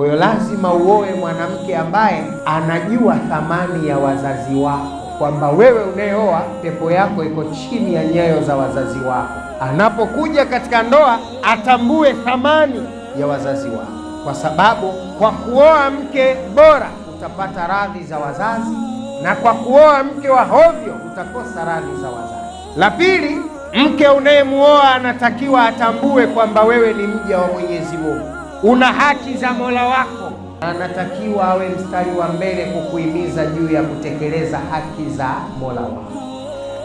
Kwa hiyo lazima uoe mwanamke ambaye anajua thamani ya wazazi wako, kwamba wewe unayeoa pepo yako iko chini ya nyayo za wazazi wako. Anapokuja katika ndoa atambue thamani ya wazazi wako, kwa sababu kwa kuoa mke bora utapata radhi za wazazi, na kwa kuoa mke wa hovyo utakosa radhi za wazazi. La pili, mke unayemuoa anatakiwa atambue kwamba wewe ni mja wa Mwenyezi Mungu una haki za Mola wako. Anatakiwa awe mstari wa mbele kukuhimiza juu ya kutekeleza haki za Mola wako.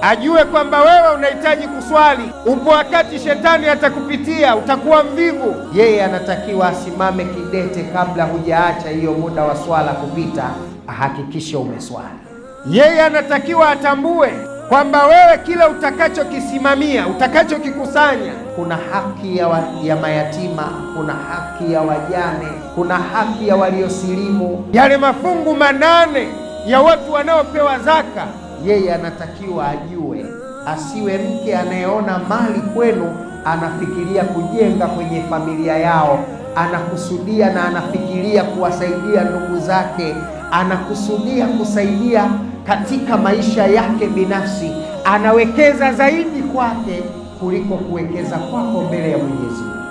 Ajue kwamba wewe unahitaji kuswali. Upo wakati shetani atakupitia, utakuwa mvivu. Yeye anatakiwa asimame kidete, kabla hujaacha hiyo muda wa swala kupita, ahakikishe umeswali. Yeye anatakiwa atambue kwamba wewe kila utakachokisimamia, utakachokikusanya, kuna haki ya, wa, ya mayatima, kuna haki ya wajane, kuna haki ya waliosilimu. Yale mafungu manane ya watu wanaopewa zaka, yeye anatakiwa ajue, asiwe mke anayeona mali kwenu anafikiria kujenga kwenye familia yao, anakusudia na anafikiria kuwasaidia ndugu zake, anakusudia kusaidia katika maisha yake binafsi, anawekeza zaidi kwake kuliko kuwekeza kwako mbele ya Mwenyezi Mungu.